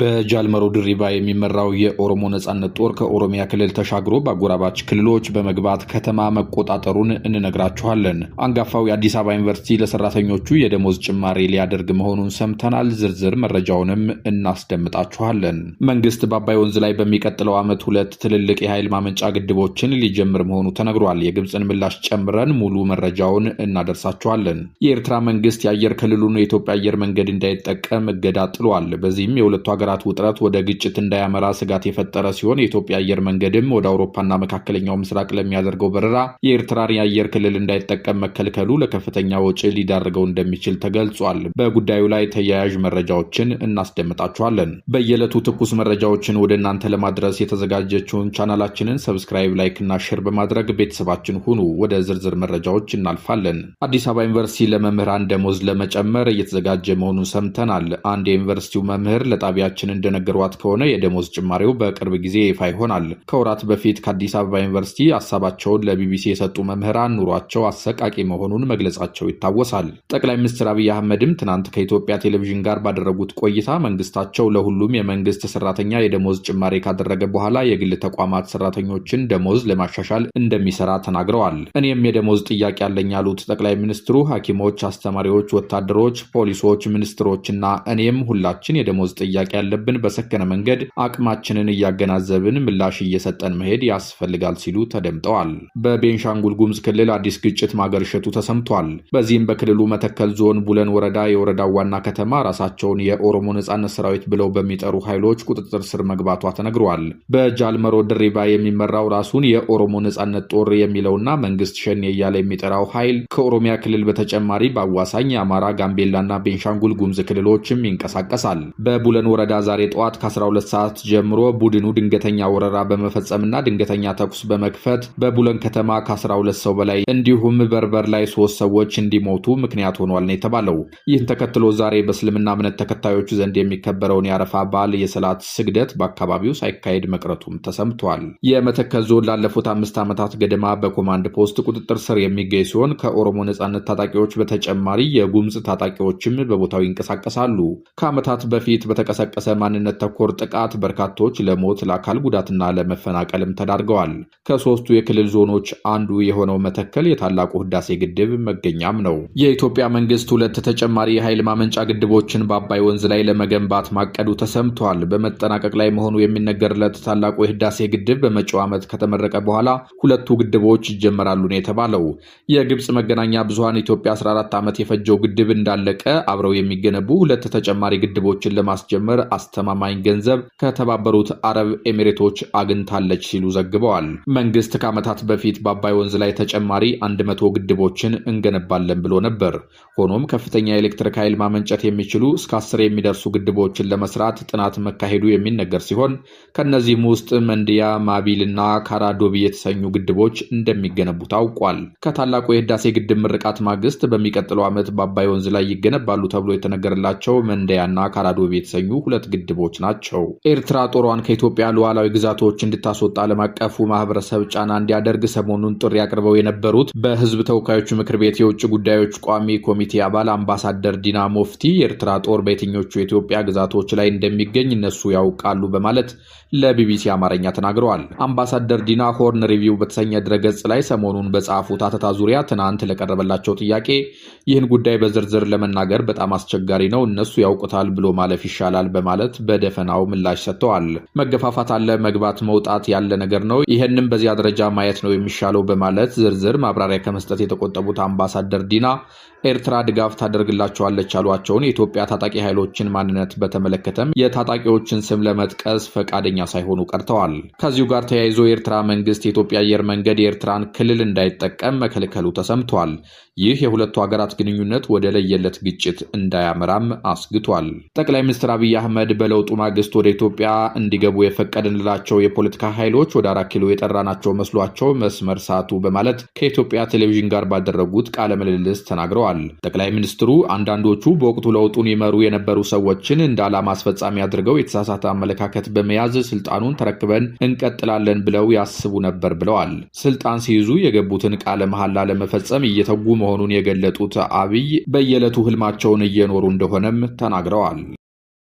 በጃልመሮ ድሪባ የሚመራው የኦሮሞ ነጻነት ጦር ከኦሮሚያ ክልል ተሻግሮ በአጎራባች ክልሎች በመግባት ከተማ መቆጣጠሩን እንነግራችኋለን። አንጋፋው የአዲስ አበባ ዩኒቨርሲቲ ለሰራተኞቹ የደሞዝ ጭማሪ ሊያደርግ መሆኑን ሰምተናል። ዝርዝር መረጃውንም እናስደምጣችኋለን። መንግስት በአባይ ወንዝ ላይ በሚቀጥለው ዓመት ሁለት ትልልቅ የኃይል ማመንጫ ግድቦችን ሊጀምር መሆኑ ተነግሯል። የግብፅን ምላሽ ጨምረን ሙሉ መረጃውን እናደርሳችኋለን። የኤርትራ መንግስት የአየር ክልሉን የኢትዮጵያ አየር መንገድ እንዳይጠቀም እገዳ ጥሏል። በዚህም የሁለቱ ሀገራት ውጥረት ወደ ግጭት እንዳያመራ ስጋት የፈጠረ ሲሆን የኢትዮጵያ አየር መንገድም ወደ አውሮፓና መካከለኛው ምስራቅ ለሚያደርገው በረራ የኤርትራን የአየር ክልል እንዳይጠቀም መከልከሉ ለከፍተኛ ወጪ ሊዳርገው እንደሚችል ተገልጿል። በጉዳዩ ላይ ተያያዥ መረጃዎችን እናስደምጣችኋለን። በየዕለቱ ትኩስ መረጃዎችን ወደ እናንተ ለማድረስ የተዘጋጀችውን ቻናላችንን ሰብስክራይብ፣ ላይክ እና ሼር በማድረግ ቤተሰባችን ሁኑ። ወደ ዝርዝር መረጃዎች እናልፋለን። አዲስ አበባ ዩኒቨርሲቲ ለመምህራን ደሞዝ ለመጨመር እየተዘጋጀ መሆኑን ሰምተናል። አንድ የዩኒቨርሲቲው መምህር ለጣቢያ ምንጮቻችን እንደነገሯት ከሆነ የደሞዝ ጭማሪው በቅርብ ጊዜ ይፋ ይሆናል። ከወራት በፊት ከአዲስ አበባ ዩኒቨርሲቲ ሀሳባቸውን ለቢቢሲ የሰጡ መምህራን ኑሯቸው አሰቃቂ መሆኑን መግለጻቸው ይታወሳል። ጠቅላይ ሚኒስትር አብይ አህመድም ትናንት ከኢትዮጵያ ቴሌቪዥን ጋር ባደረጉት ቆይታ መንግስታቸው ለሁሉም የመንግስት ሰራተኛ የደሞዝ ጭማሪ ካደረገ በኋላ የግል ተቋማት ሰራተኞችን ደሞዝ ለማሻሻል እንደሚሰራ ተናግረዋል። እኔም የደሞዝ ጥያቄ አለኝ ያሉት ጠቅላይ ሚኒስትሩ ሐኪሞች፣ አስተማሪዎች፣ ወታደሮች፣ ፖሊሶች፣ ሚኒስትሮችና እኔም ሁላችን የደሞዝ ጥያቄ ያለብን በሰከነ መንገድ አቅማችንን እያገናዘብን ምላሽ እየሰጠን መሄድ ያስፈልጋል ሲሉ ተደምጠዋል። በቤንሻንጉል ጉሙዝ ክልል አዲስ ግጭት ማገርሸቱ ተሰምቷል። በዚህም በክልሉ መተከል ዞን ቡለን ወረዳ የወረዳው ዋና ከተማ ራሳቸውን የኦሮሞ ነጻነት ሰራዊት ብለው በሚጠሩ ኃይሎች ቁጥጥር ስር መግባቷ ተነግሯል። በጃልመሮ ድሪባ የሚመራው ራሱን የኦሮሞ ነጻነት ጦር የሚለውና መንግስት ሸኔ እያለ የሚጠራው ኃይል ከኦሮሚያ ክልል በተጨማሪ በአዋሳኝ የአማራ፣ ጋምቤላና ቤንሻንጉል ጉሙዝ ክልሎችም ይንቀሳቀሳል። በቡለን ወረዳ ወረዳ ዛሬ ጠዋት ከ12 ሰዓት ጀምሮ ቡድኑ ድንገተኛ ወረራ በመፈጸምና ድንገተኛ ተኩስ በመክፈት በቡለን ከተማ ከ12 ሰው በላይ እንዲሁም በርበር ላይ ሶስት ሰዎች እንዲሞቱ ምክንያት ሆኗል ነው የተባለው። ይህን ተከትሎ ዛሬ በእስልምና እምነት ተከታዮቹ ዘንድ የሚከበረውን የአረፋ በዓል የሰላት ስግደት በአካባቢው ሳይካሄድ መቅረቱም ተሰምቷል። የመተከል ዞን ላለፉት አምስት ዓመታት ገደማ በኮማንድ ፖስት ቁጥጥር ስር የሚገኝ ሲሆን ከኦሮሞ ነጻነት ታጣቂዎች በተጨማሪ የጉምዝ ታጣቂዎችም በቦታው ይንቀሳቀሳሉ። ከዓመታት በፊት በተቀሰቀ የተቀሰቀሰ ማንነት ተኮር ጥቃት በርካቶች ለሞት ለአካል ጉዳትና ለመፈናቀልም ተዳርገዋል። ከሶስቱ የክልል ዞኖች አንዱ የሆነው መተከል የታላቁ ህዳሴ ግድብ መገኛም ነው። የኢትዮጵያ መንግስት ሁለት ተጨማሪ የኃይል ማመንጫ ግድቦችን በአባይ ወንዝ ላይ ለመገንባት ማቀዱ ተሰምቷል። በመጠናቀቅ ላይ መሆኑ የሚነገርለት ታላቁ የህዳሴ ግድብ በመጪው ዓመት ከተመረቀ በኋላ ሁለቱ ግድቦች ይጀመራሉ ነው የተባለው። የግብፅ መገናኛ ብዙሀን ኢትዮጵያ 14 ዓመት የፈጀው ግድብ እንዳለቀ አብረው የሚገነቡ ሁለት ተጨማሪ ግድቦችን ለማስጀመር አስተማማኝ ገንዘብ ከተባበሩት አረብ ኤሚሬቶች አግኝታለች ሲሉ ዘግበዋል። መንግስት ከዓመታት በፊት በአባይ ወንዝ ላይ ተጨማሪ 100 ግድቦችን እንገነባለን ብሎ ነበር። ሆኖም ከፍተኛ የኤሌክትሪክ ኃይል ማመንጨት የሚችሉ እስከ አስር የሚደርሱ ግድቦችን ለመስራት ጥናት መካሄዱ የሚነገር ሲሆን ከእነዚህም ውስጥ መንድያ፣ ማቢል እና ካራዶቢ የተሰኙ ግድቦች እንደሚገነቡ ታውቋል። ከታላቁ የህዳሴ ግድብ ምርቃት ማግስት በሚቀጥለው ዓመት በአባይ ወንዝ ላይ ይገነባሉ ተብሎ የተነገረላቸው መንደያና ካራዶቢ የተሰኙ ሁለት ግድቦች ናቸው። ኤርትራ ጦሯን ከኢትዮጵያ ሉዓላዊ ግዛቶች እንድታስወጣ ዓለም አቀፉ ማህበረሰብ ጫና እንዲያደርግ ሰሞኑን ጥሪ አቅርበው የነበሩት በህዝብ ተወካዮች ምክር ቤት የውጭ ጉዳዮች ቋሚ ኮሚቴ አባል አምባሳደር ዲና ሞፍቲ የኤርትራ ጦር በየትኞቹ የኢትዮጵያ ግዛቶች ላይ እንደሚገኝ እነሱ ያውቃሉ በማለት ለቢቢሲ አማርኛ ተናግረዋል። አምባሳደር ዲና ሆርን ሪቪው በተሰኘ ድረገጽ ላይ ሰሞኑን በጻፉት አተታ ዙሪያ ትናንት ለቀረበላቸው ጥያቄ ይህን ጉዳይ በዝርዝር ለመናገር በጣም አስቸጋሪ ነው፣ እነሱ ያውቁታል ብሎ ማለፍ ይሻላል በማለት በደፈናው ምላሽ ሰጥተዋል። መገፋፋት አለ፣ መግባት መውጣት ያለ ነገር ነው። ይህንም በዚያ ደረጃ ማየት ነው የሚሻለው በማለት ዝርዝር ማብራሪያ ከመስጠት የተቆጠቡት አምባሳደር ዲና ኤርትራ ድጋፍ ታደርግላቸዋለች ያሏቸውን የኢትዮጵያ ታጣቂ ኃይሎችን ማንነት በተመለከተም የታጣቂዎችን ስም ለመጥቀስ ፈቃደኛ ሳይሆኑ ቀርተዋል። ከዚሁ ጋር ተያይዞ የኤርትራ መንግስት የኢትዮጵያ አየር መንገድ የኤርትራን ክልል እንዳይጠቀም መከልከሉ ተሰምቷል። ይህ የሁለቱ ሀገራት ግንኙነት ወደ ለየለት ግጭት እንዳያመራም አስግቷል። ጠቅላይ ሚኒስትር አብይ አህመድ በለውጡ ማግስት ወደ ኢትዮጵያ እንዲገቡ የፈቀድንላቸው የፖለቲካ ኃይሎች ወደ አራት ኪሎ የጠራናቸው መስሏቸው መስመር ሳቱ በማለት ከኢትዮጵያ ቴሌቪዥን ጋር ባደረጉት ቃለ ምልልስ ተናግረዋል። ጠቅላይ ሚኒስትሩ አንዳንዶቹ በወቅቱ ለውጡን ይመሩ የነበሩ ሰዎችን እንደ ዓላማ አስፈጻሚ አድርገው የተሳሳተ አመለካከት በመያዝ ስልጣኑን ተረክበን እንቀጥላለን ብለው ያስቡ ነበር ብለዋል። ስልጣን ሲይዙ የገቡትን ቃለ መሐላ ለመፈጸም እየተጉ መሆኑን የገለጡት አብይ በየዕለቱ ህልማቸውን እየኖሩ እንደሆነም ተናግረዋል።